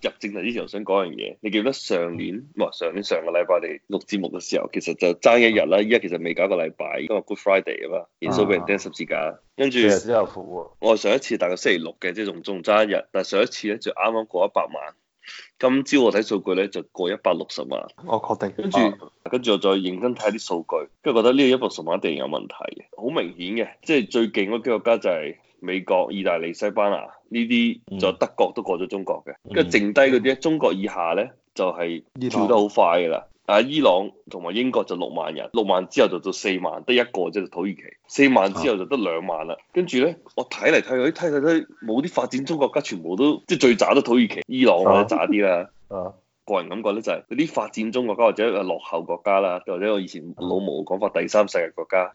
入正題之前，我想講樣嘢。你記得上年？唔係、嗯哦、上年上個禮拜，我哋錄節目嘅時候，其實就爭一日啦。依家其實未搞一個禮拜，今日 Good Friday 啊嘛，耶穌、啊、畀人釘十字架。跟住，我上一次大概星期六嘅，即係仲仲爭一日。但係上一次咧就啱啱過一百萬。今朝我睇數據咧就過一百六十萬。我確定。跟住著，啊、跟住我再認真睇啲數據，跟住覺得呢個一百六十萬一定有問題嘅，好明顯嘅。即、就、係、是、最勁嗰幾個國家就係、是、美國、意大利、西班牙。呢啲就德國都過咗中國嘅，跟住、嗯、剩低嗰啲中國以下咧就係、是、跳得好快㗎啦。啊，伊朗同埋英國就六萬人，六萬之後就到四萬，得一個即係土耳其，四萬之後就得兩萬啦。啊、跟住咧，我睇嚟睇去，睇睇睇，冇啲發展中國家全部都即係最渣都土耳其、伊朗或者渣啲啦。啊啊個人感覺咧就係嗰啲發展中國家或者一個落後國家啦，或者我以前老毛講法第三世界國家，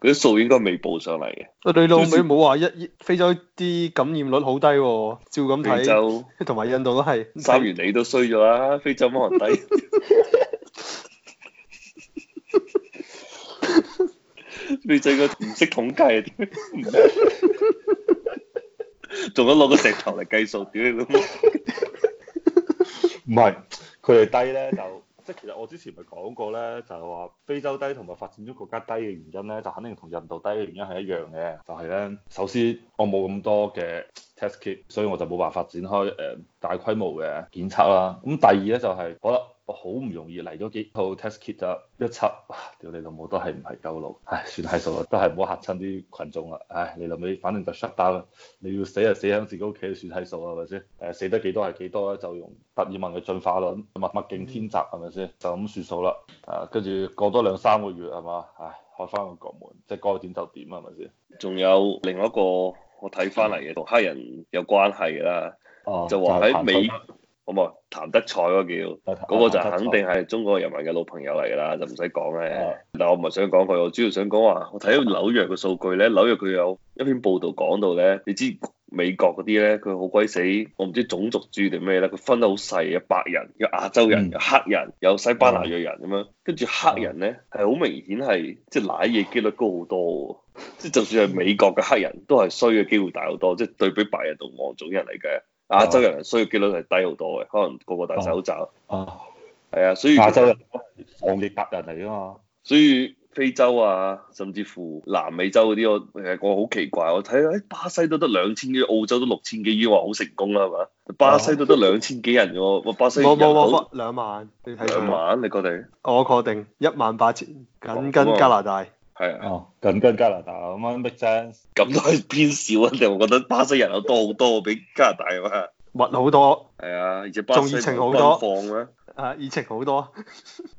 佢啲數應該未報上嚟嘅。佢老母冇話一非洲啲感染率好低，照咁睇。就，同埋印度都係。三元里都衰咗啦，非洲可能低。你真係唔識統計啊？仲想攞個石頭嚟計數？屌你老母！ 唔係，佢哋低咧就，即係其實我之前咪講過咧，就係話非洲低同埋發展中國家低嘅原因咧，就肯定同印度低嘅原因係一樣嘅，就係、是、咧，首先我冇咁多嘅 test kit，所以我就冇辦法展開誒、呃、大規模嘅檢測啦。咁第二咧就係好啦。我好唔容易嚟咗幾套 test kit 啊，一測，屌你是是老母都係唔係夠腦？唉，算係數啦，都係唔好嚇親啲群眾啦。唉，你諗你反正就甩單，你要死就死喺自己屋企算係數係咪先？誒，死得幾多係幾多啊，就用達爾文嘅進化論，物物競天擇係咪先？就咁算數啦。誒、啊，跟住過多兩三個月係嘛？唉，開翻個國門，即係該點就點係咪先？仲有另外一個我睇翻嚟嘅同黑人有關係啦、啊哦，就話、是、喺美。咁啊，譚德賽嗰個叫、啊，嗰個就肯定係中國人民嘅老朋友嚟㗎啦，就唔使講咧。的但我唔係想講佢，我主要想講話，我睇到紐約嘅數據咧，紐約佢有一篇報道講到咧，你知美國嗰啲咧，佢好鬼死，我唔知種族主義定咩咧，佢分得好細啊，白人有亞洲人，嗯、有黑人，有西班牙裔人咁、嗯、樣，跟住黑人咧係好明顯係即係賴嘢機率高好多，即係 就算係美國嘅黑人都係衰嘅機會大好多，即、就、係、是、對比白人同黃種人嚟嘅。亞洲人需要機率係低好多嘅，可能個個戴曬口罩。啊，係啊，所以亞洲人我哋達人嚟啊嘛。所以非洲啊，甚至乎南美洲嗰啲，我其實好奇怪，我睇下，哎，巴西都得兩千幾，澳洲都六千幾，已經話好成功啦，係咪啊？巴西都得兩千幾人喎，巴西冇冇冇兩萬，你睇兩萬，你確定？我確定一萬八千，緊跟加拿大。啊啊係啊，緊、哦、跟，跟加拿大咁樣逼啫。咁都係偏少啊！我覺得巴西人口多好多，比加拿大啊密好多，係啊，而且巴西開放多啊，熱情好多。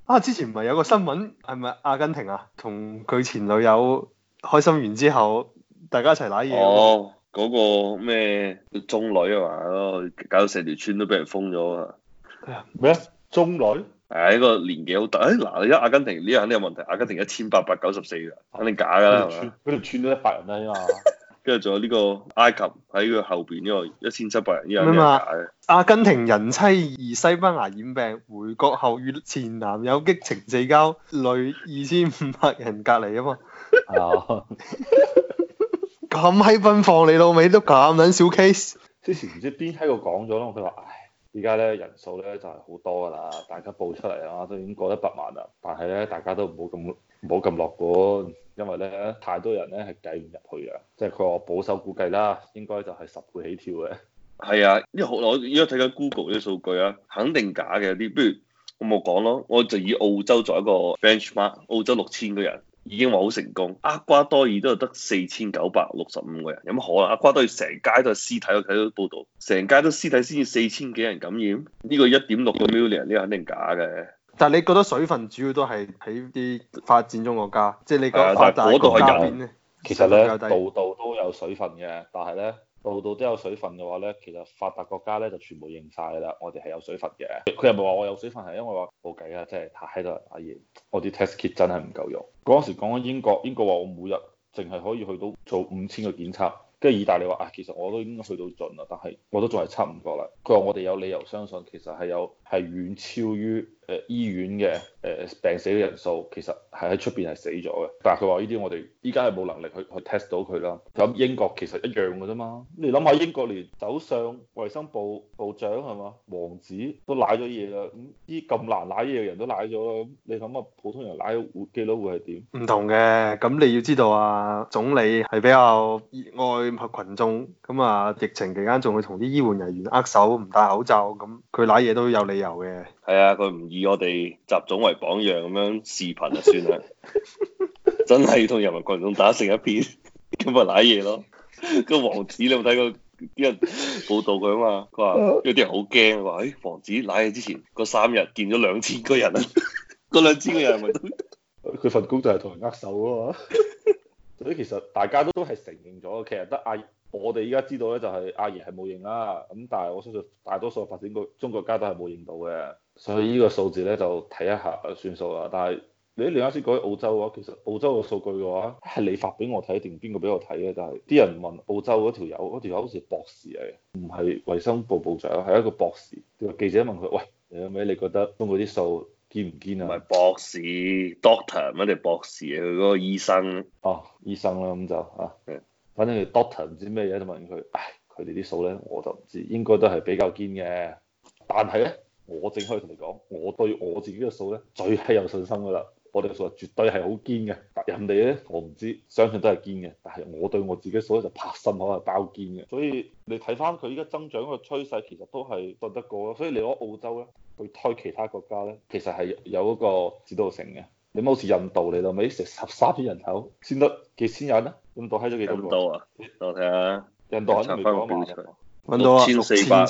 啊，之前唔係有個新聞係咪阿根廷啊，同佢前女友開心完之後，大家一齊打嘢。哦，嗰、那個咩中女啊嘛，搞到成條村都俾人封咗啊！咩啊，中女？係呢、哎、個年紀好大，哎嗱，一阿根廷呢樣肯定有問題。阿根廷一千八百九十四，肯定假噶啦，係咪，啊？佢哋串咗一百人啊嘛，跟住仲有呢個埃及喺佢後邊呢、呢個一千七百人，呢樣咩假，啊、阿根廷人妻而西班牙染病，回國後與前男友激情四交，累二千五百人隔離啊嘛。哦，咁喺奔放，你老味都咁撚小 case。之前唔知邊閪個講咗咯，佢話，依家咧人數咧就係好多㗎啦，大家報出嚟啊都已經過一百萬啦。但係咧大家都唔好咁唔好咁樂觀，因為咧太多人咧係計唔入去㗎。即係佢話保守估計啦，應該就係十倍起跳嘅。係啊，因為我而家睇緊 Google 啲數據啊，肯定假嘅。啲不如我冇講咯，我就以澳洲作一個 benchmark，澳洲六千個人。已經話好成功，阿瓜多爾都係得四千九百六十五個人，有乜可能？阿瓜多爾成街都係屍體，我睇到報道，成街都屍體，先至四千幾人感染，呢個一點六個 million 呢個肯定假嘅。但係你覺得水分主要都係喺啲發展中國家，即係你講發達國家咧，其實咧度度都有水分嘅，但係咧。度度都有水分嘅話呢，其實發達國家呢就全部認晒啦。我哋係有水分嘅，佢又唔係話我有水分，係因為話冇計啊，真係喺度，阿姨，我啲 test kit 真係唔夠用。嗰陣時講緊英國，英國話我每日淨係可以去到做五千個檢測，跟住意大利話啊、哎，其實我都已經去到盡啦，但係我都仲係測唔過啦。佢話我哋有理由相信其實係有係遠超於誒醫院嘅誒病死嘅人數，其實係喺出邊係死咗嘅。但係佢話呢啲，我哋依家係冇能力去去 test 到佢啦。咁英國其實一樣㗎啫嘛。你諗下英國連首相、衞生部部長係嘛，王子都舐咗嘢啦。咁啲咁難瀨嘢嘅人都舐咗，咁你諗下普通人瀨咗活幾多會係點？唔同嘅，咁你要知道啊，總理係比較熱愛群眾，咁啊，疫情期間仲會同啲醫護人員握手，唔戴口罩，咁佢舐嘢都有理由嘅。係啊，佢唔、哎、以我哋習總為榜樣咁樣，樣視頻啊，算啦，真係要同人民群眾打成一片咁咪瀨嘢咯。 個王子你有冇睇過啲人報道佢啊嘛，佢話有啲人好驚，話、哎、誒王子瀨嘢之前嗰三日見咗兩千個人啊，嗰兩千個人係咪佢份工就係同人握手啊嘛。所以其實大家都都係承認咗，其實得阿爺我哋依家知道咧，就係阿爺係冇認啦。咁但係我相信大多數發展中國家都係冇認到嘅。所以呢個數字咧就睇一下算數啦。但係你啱先講澳洲嘅、啊、話，其實澳洲嘅數據嘅話係你發俾我睇定邊個俾我睇嘅？但係啲人問澳洲嗰條友，嗰條友好似博士嚟，唔係衞生部部長，係一個博士。記者問佢，喂，你阿尾，你覺得中國啲數堅唔堅啊？唔係博士，doctor 乜嘢博士啊？佢嗰個醫生。哦，醫生啦，咁就啊，的反正 doctor 唔知咩嘢，就問佢，唉，佢哋啲數咧，我就唔知，應該都係比較堅嘅，但係咧。我正可以同你講，我對我自己嘅數咧最係有信心噶啦，我哋嘅數啊絕對係好堅嘅。人哋咧我唔知，相信都係堅嘅。但係我對我自己數咧就拍心口係包堅嘅。所以你睇翻佢依家增長嘅趨勢，其實都係對得過咯。所以你攞澳洲咧去推其他國家咧，其實係有嗰個指導性嘅。你冇似印度你到未？成十三億人口先得幾千人啦，印度閪咗幾多度？印度啊，我睇下，查翻個表出嚟，揾到啊，六千四百。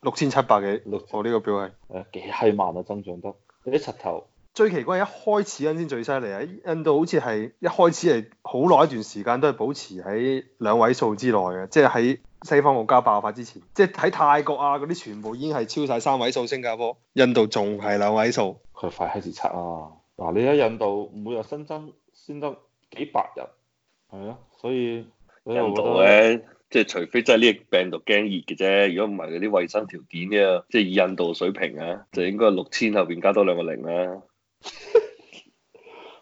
六千七百幾，六我呢個表係，誒幾係萬啊增長得，啲賊頭最奇怪，一開始嗰陣先最犀利啊！印度好似係一開始係好耐一段時間都係保持喺兩位數之內嘅，即係喺西方國家爆發之前，即係喺泰國啊嗰啲全部已經係超晒三位數，新加坡印度仲係兩位數，佢快開始賊啊！嗱、啊，你喺印度每日新增先得幾百人，係啊，所以我又印度 覺得。即係除非真係呢個病毒驚熱嘅啫，如果唔係嗰啲衞生條件嘅，即係以印度水平啊，就應該六千後邊加多兩個零啦、啊。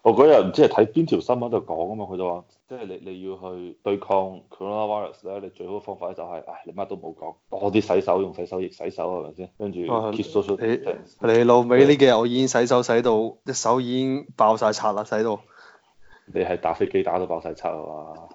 我嗰日唔知係睇邊條新聞度講啊嘛，佢就話，即係你你要去對抗 coronavirus 咧，你最好方法就係、是，唉，你乜都冇講，多啲洗手，用洗手液洗手係咪先？跟住、啊啊、你，你，你老尾呢幾日我已經洗手洗到，隻手已經爆晒拆啦，洗到。你係打飛機打到爆晒，臭啊嘛！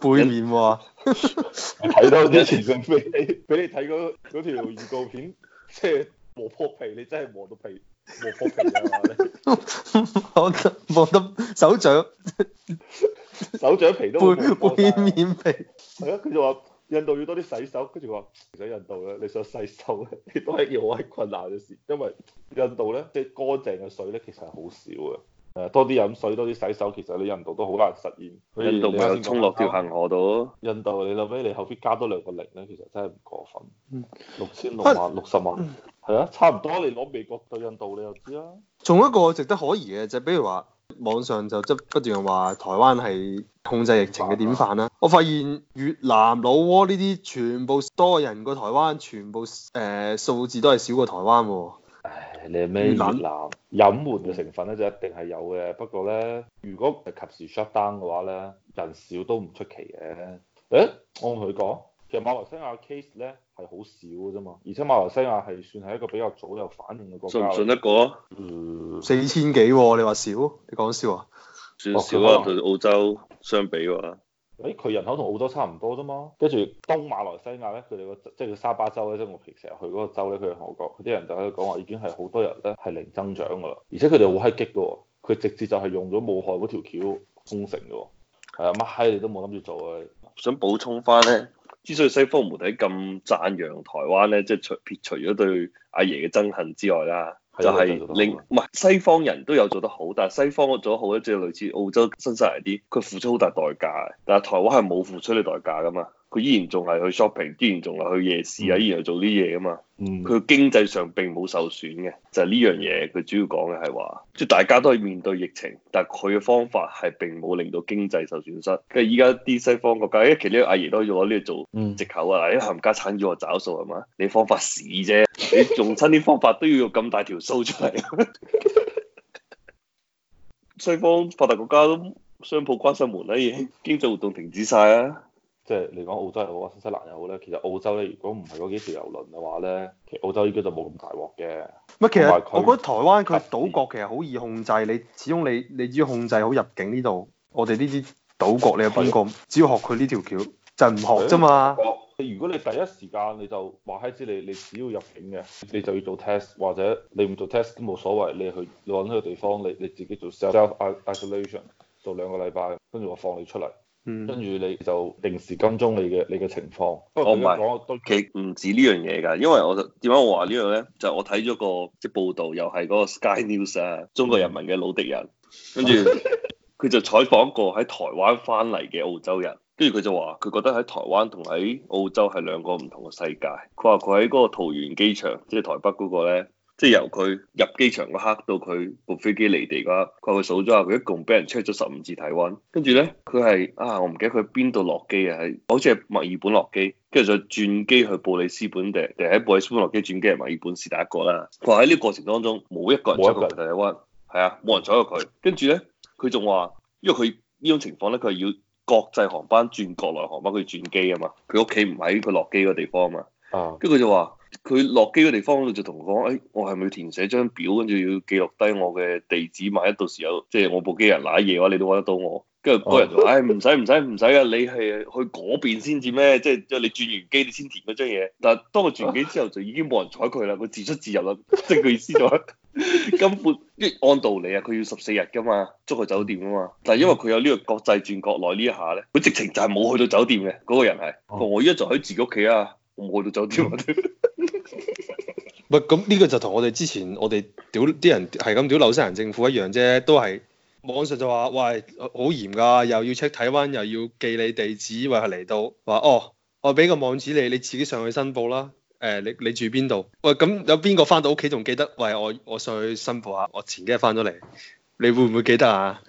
背面喎、啊，睇到啲直升飛俾你睇嗰嗰條預告片，即係磨破皮，你真係磨到皮磨破皮嘅話咧，磨磨得手掌， 手掌皮都會磨破皮。背面皮係啊，佢就話印度要多啲洗手，跟住話其實印度咧，你想洗手咧，亦都係要好喺困難嘅事，因為印度咧，即係乾淨嘅水咧，其實係好少嘅。誒，多啲飲水，多啲洗手，其實你印度都好難實現。印度又衝落條恆河度。印度，你諗咩？你後邊加多兩個零咧，其實真係唔過分。六千六百六十萬，係啊，差唔多。你攞美國對印度，你又知啦。仲有一個值得可疑嘅就係，比如話網上就執不斷人話台灣係控制疫情嘅典範啦。我發現越南、老撾呢啲全部多人過台灣，全部誒、呃、數字都係少過台灣喎。你咩越南隱瞞嘅成分咧就一定係有嘅，不過咧，如果係及時 shut down 嘅話咧，人少都唔出奇嘅。誒、欸，我同佢講，其實馬來西亞 case 咧係好少嘅啫嘛，而且馬來西亞係算係一個比較早有反應嘅國家。信唔信得過？啊、嗯？四千幾，你話少？你講笑啊？算少啊。同、哦、澳洲相比嘅話。誒佢人口同澳洲差唔多啫嘛，跟住東馬來西亞咧，佢哋個即係個沙巴州咧，即係我平時日去嗰個州咧，佢哋韓國佢啲人就喺度講話已經係好多人咧係零增長噶啦，而且佢哋好閪激噶喎，佢直接就係用咗武漢嗰條橋封城噶喎，係啊乜閪你都冇諗住做啊！想補充翻咧，之所以西方媒體咁讚揚台灣咧，即係除撇除咗對阿爺嘅憎恨之外啦。就係令唔係西方人都有做得好，但係西方做得好咧，即係類似澳洲、新西蘭啲，佢付出好大代價，但係台灣係冇付出呢個代價㗎嘛。佢依然仲係去 shopping，依然仲係去夜市啊，依然係做啲嘢噶嘛。佢、嗯、經濟上並冇受損嘅，就係呢樣嘢佢主要講嘅係話，即、就、係、是、大家都係面對疫情，但係佢嘅方法係並冇令到經濟受損失。跟住依家啲西方國家，因為其實阿爺都可以攞呢啲做藉口啊。嗱、嗯，啲冚家鏟要我找數係嘛？你方法屎啫，你用親啲方法都要咁大條數出嚟。 西方發達國家都商鋪關曬門啦，已經經濟活動停止晒啊！即係你講澳洲又好啊，新西，西蘭又好咧，其實澳洲咧，如果唔係嗰幾條郵輪嘅話咧，其實澳洲依家就冇咁大鑊嘅。唔其實我覺得台灣佢島國其實好易控制，你始終你你只要控制好入境呢度，我哋呢啲島國你有邊個？只要學佢呢條橋就唔、是、學啫嘛。如果你第一時間你就話閪知你，你只要入境嘅，你就要做 test，或者你唔做 test 都冇所謂，你去去揾個地方，你你自己做 self isolation 做兩個禮拜，跟住我放你出嚟。跟住、嗯、你就定時跟蹤你嘅你嘅情況。我唔係，其實唔止呢樣嘢㗎，因為我點解我話呢樣咧？就係、我睇咗個、即係、報道，又係嗰個 Sky News 啊，中國人民嘅老敵人。跟住佢就採訪過喺台灣翻嚟嘅澳洲人，跟住佢就話佢覺得喺台灣同喺澳洲係兩個唔同嘅世界。佢話佢喺嗰個桃園機場，即、就、係、係、台北嗰個咧。即係由佢入機場嗰刻到佢部飛機離地嘅話，佢話數咗下佢一共俾人 check 咗十五次體温，跟住咧佢係啊，我唔記得佢邊度落機啊，係好似係墨爾本落機，跟住就轉機去布里斯本嘅，定係喺布里斯本落機轉機去墨爾本是第一個啦。佢話喺呢過程當中冇一個人 check 過佢體温，係啊冇人 check 過佢。跟住咧佢仲話，因為佢呢種情況咧，佢係要國際航班轉國內航班，佢要轉機啊嘛，佢屋企唔喺佢落機嘅地方啊嘛。跟住佢就話。佢落機嘅地方就，就同我講：誒，我係咪要填寫張表，跟住要記錄低我嘅地址？萬一到時候，即係我部機人攋嘢嘅話，你都揾得到我。跟住嗰人就話唉，唔使唔使唔使啊！你係去嗰邊先至咩？即係即係你轉完機，你先填嗰張嘢。但係當我轉完機之後，就已經冇人睬佢啦。佢自出自入啦，即係佢意思就係、是、根本即按道理啊，佢要十四日噶嘛，捉去酒店噶嘛。但係因為佢有呢個國際轉國內呢一下咧，佢直情就係冇去到酒店嘅嗰、那個人係：我依家就喺自己屋企啊，冇去到酒店。 喂，咁呢個就同我哋之前我哋屌啲人係咁屌紐西蘭政府一樣啫，都係網上就話喂好嚴㗎，又要 check 體溫，又要記你地址，話係嚟到，話哦，我俾個網址你，你自己上去申報啦。誒、呃，你你住邊度？喂，咁有邊個翻到屋企仲記得？喂，我我上去申報下。我前幾日翻咗嚟，你會唔會記得啊？